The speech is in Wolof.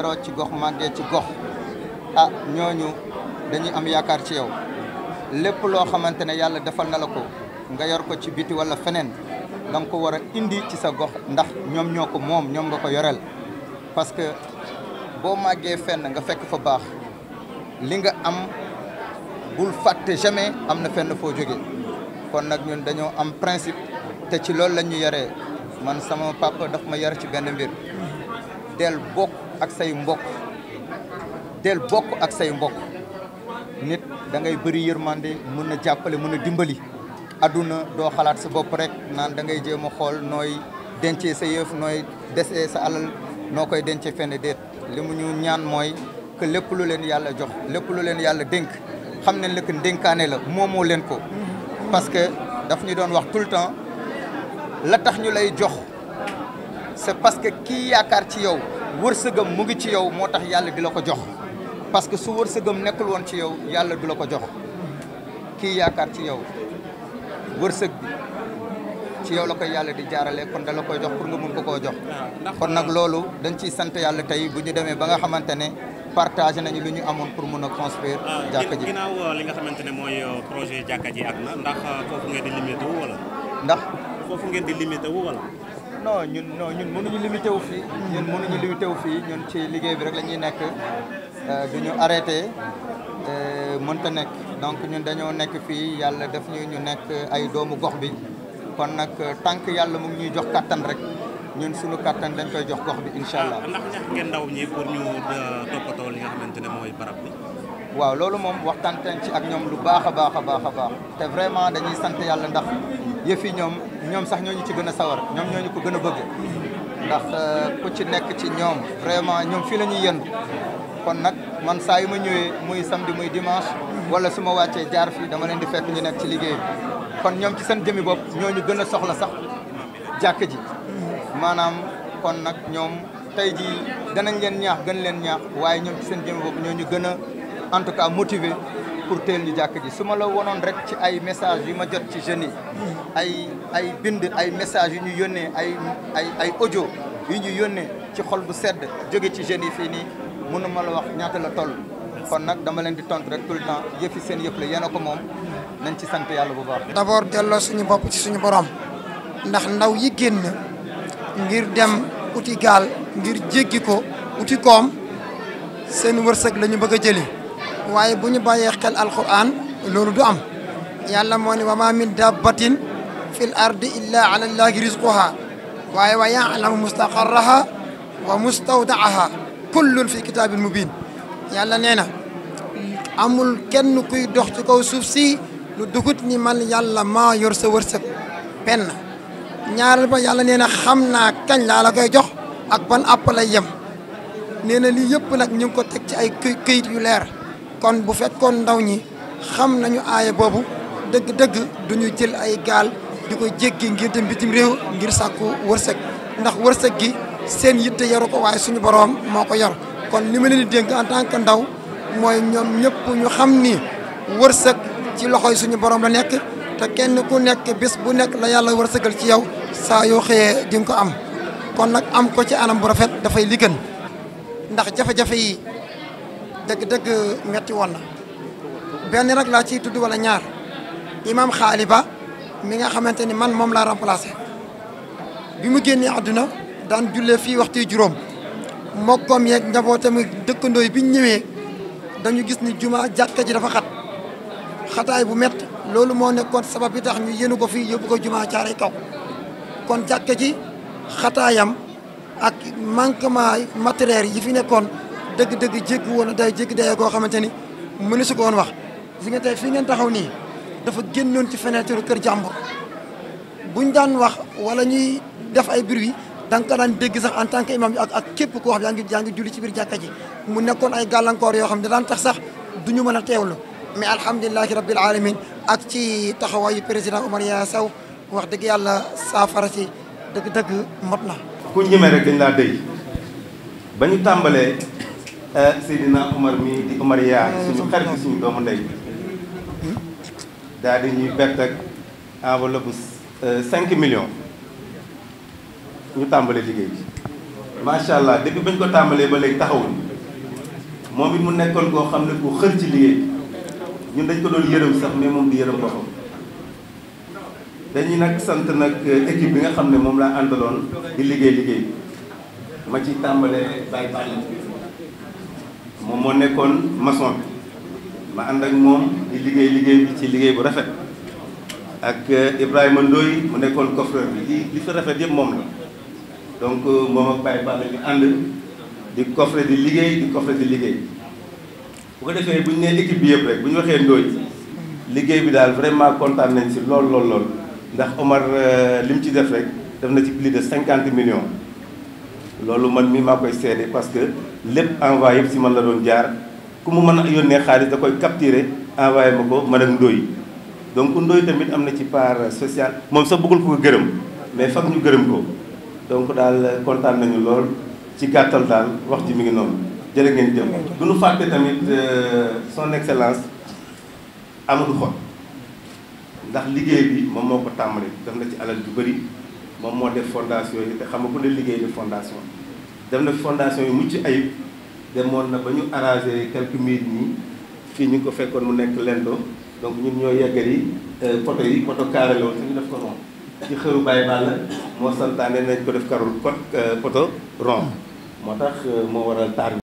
yaroo ci gox màggee ci gox ah ñooñu dañuy am yaakaar ci yow lépp loo xamante ne yàlla defal na la ko nga yor ko ci biti wala feneen da nga ko war a indi ci sa gox ndax ñoom ñoo ko moom ñoom nga ko yoreel parce que boo màggee fenn nga fekk fa baax li nga am bul fàtte jamais am na fenn foo jóge kon nag ñun dañoo am principe te ci loolu la ñu yoree man sama papa daf ma yar ci benn mbir del bokk ak say mbokk del bokk ak say mbokk nit da ngay bëri yërmande mën na jàppale mën a dimbali àdduna doo xalaat sa bopp rek naan da ngay jéem a xool nooy dencee sa yëf nooy dese sa alal noo koy dencee fenn déet li mu ñu ñaan mooy que lépp lu leen yàlla jox lépp lu leen yàlla dénk xam nañ ne que la moomoo leen ko parce que daf ñu doon wax tout le temps la tax ñu lay jox c'est parce que kii yaakaar ci yow wërsëgam mu ngi ci yow moo tax yàlla di la ko jox parce que su wërsëgam nekkul woon ci yow yàlla du la ko jox kii yaakaar ci yow wërsëg bi ci yow la koy yàlla di jaarale kon dala la koy jox pour nga mun ko koo jox ah, kon nag loolu dañ ciy sant yàlla tey bu ñu demee ba nga xamante ne partagé nañu lu ñu amoon pour mun a construire ah, jàkka ji ginnaaw euh, li nga xamante ne mooy euh, projet jàkka ji ak na ndax euh, foofu ngeen di limité wu ndax foofu ngeen di limité wu wala non ñun non ñun mënuñu limité wu fii. ñun mënuñu limité wu fii ñun ci liggéey bi rek la ñuy nekk euh, du ñu arrêté euh, mënta nekk donc ñun dañoo nekk fii yàlla def ñu ñu nekk ay doomu gox bi kon nag euh, tànk yàlla mu ñuy jox kàttan rek ñun suñu kattan dañ koy jox gox bi incha ah, allah. ndax ñax ngeen ndaw ñi pour ñu xamante ne mooy barab waaw loolu moom waxtaan ci ak ñoom lu baax a baax a baax a baax te vraiment dañuy sant yàlla ndax yëfi ñoom. ñoom sax ñooñu ci gën a sawar ñoom ñooñu ko gën a bëgg ndax euh, ku ci nekk ci ñoom vraiment ñoom fii la ñuy kon nag man saa yu ma ñëwee muy samedi muy dimanche wala su ma wàccee jaar fii dama leen di fekk ñu nekk ci liggéey kon ñoom ci seen jëmi bopp ñooñu gën a soxla sax jàkk ji maanaam kon nag ñoom tey jii danañ leen ñaax gën leen ñaax waaye ñoom ci seen jëmi bopp ñooñu gën a en tout cas motivé pour teel ñu jàkk ji su ma la wonoon rek ci ay message yu ma jot ci jeunes yi ay ay bind ay message yu ñu yónnee ay ay ay audio yu ñu yónnee ci xol bu sedd jóge ci jeunes yi fii nii mënu ma la wax ñaata la toll kon nag dama leen di tont rek tout temps yëfi seen yëpp la yéen a ko moom nañ ci sant yàlla bu baax. d'abord delloo suñu bopp ci suñu borom ndax ndaw yi génn ngir dem uti gaal ngir jéggi ko uti koom seen wërsëg lañu ñu bëgg a jëli waaye bu ñu bàyyee xel alquran loolu du am yàlla moo wa ma min dabbatin fil ardi illa ala llahi rizquha waaye wa yaalamu mustaqarraha wa mustawdaaha kullun fi kitaabin mubin yàlla nee na amul kenn kuy dox ci kaw suuf si lu dugut ni man yàlla maa yor sa wërsëg benn ñaareel ba yàlla nee na xam naa kañ laa la koy jox ak ban àpp lay yem nee na lii yëpp nag ñu ko teg ci ay këyit yu leer kon bu fekkoon ndaw ñi xam nañu aaya boobu dëgg-dëgg du jël ay gaal di ko jéggi ngir dem bitim réew ngir sàkku wërsëg ndax wërsëg gi seen yitte yaru ko waaye suñu boroom moo ko yar kon li ma leen di dénk en tant ndaw mooy ñoom ñëpp ñu xam ni wërsëg ci loxoy suñu boroom la nekk te kenn ku nekk bés bu nekk la yàlla wërsëgal ci yow saa yoo xëyee di ko am kon nag am ko ci anam bu rafet dafay li gën ndax jafe-jafe yi dëgg-dëgg metti woon benn rek laa ciy tudd walla ñaar imam xaali ba mi nga xamante ni man moom laa remplacé bi mu génnee àdduna daan jullee fii waxtu juróom moo mokkoom yeeg njabootam dëkkandoo yi bi ñu ñëwee dañu gis ni juma jàkka ji dafa xat xataay bu métti loolu moo nekkoon sabab bi tax ñu yénu ko fii yóbbu ko jumaa caaray kaw kon jàkka ji xataayam ak manquement matériel yi fi nekkoon dëgg-dëgg jéggi woon day jéggi dayoo koo xamante ni mënu si ko woon wax gis nga tey fii ngeen taxaw nii dafa génnoon ci fenêtre kër jàmbur ñu daan wax wala ñuy def ay bruit da nga ko daan dégg sax en tant que imam ak ak képp koo xam yaa ngi yaa ngi julli ci biir jàkka ji mu nekkoon ay gàllankoor yoo xam ne daan tax sax duñu mën a teewlu mais alhamdulilahi rabbil alamin ak ci taxawaayu président Oumar Yaya saw wax dëgg yàlla saafara si dëgg-dëgg mot na ku ñeme rek dañ laa Eh, Seydina Omar mii di Omar yaa eh, suñu xarit suñu doomu ndey hmm? daal di ñuy bett ak enveloppe eh, cinq millions ñu tàmbalee liggéey bi macha allah depuis bañ ko tàmbalee ba léegi taxawul moom it mu nekkoon koo xam ne ku xër ci liggéey ñu dañ ko doon yërëm sax mais moom di yërëm boppam dañuy nag sant nag équipe bi nga xam ne moom laa àndaloon di liggéey liggéey ma ci tàmbalee moom moo nekkoon mason ma ànd ak moom di liggéey liggéey bi ci liggéey bu rafet ak euh, Ibrahima Ndoye mu nekkoon coffreur bi li li fi rafet yëpp moom la donc euh, moom ak Baye Balla ñu ànd di coffre di liggéey di coffre di liggéey bu ko defee bu ñu nee équipe bi yëpp rek bu ñu waxee Ndoye liggéey bi daal vraiment kontaan nañ si lool lool lool ndax Omar euh, li mu ci def rek def na ci plus de cinquante million loolu man mii maa koy seede parce que lépp envoyé yëpp si man la doon jaar ku mu mën a yónnee xaalis da koy capturer envoyé ma ko man ak Ndoye donc Ndoye tamit am na ci part sociale moom sax bëggul ko gërëm mais fag ñu gërëm ko donc daal kontaan nañu lool ci gàttal daal wax ji mi ngi noonu jërë ngeen jëm du ñu fàtte tamit euh, son excellence Amadou Hott ndax liggéey bi moom moo ko tàmbali def na ci alal ju bari moom moo def fondation yi te xamagul ne liggéey ni fondation dem na fondation yu mucc ayib demoon na ba ñu arrangé quelques mille nii fii ñu ko fekkoon mu nekk lendo donc ñun ñoo yeggal yi euh, poto yi poto carré la woon te ñu def ko rond ci xëru Baye Balla moo santaane nañ ko def karul pot euh, poto rond moo tax euh, moo waral taar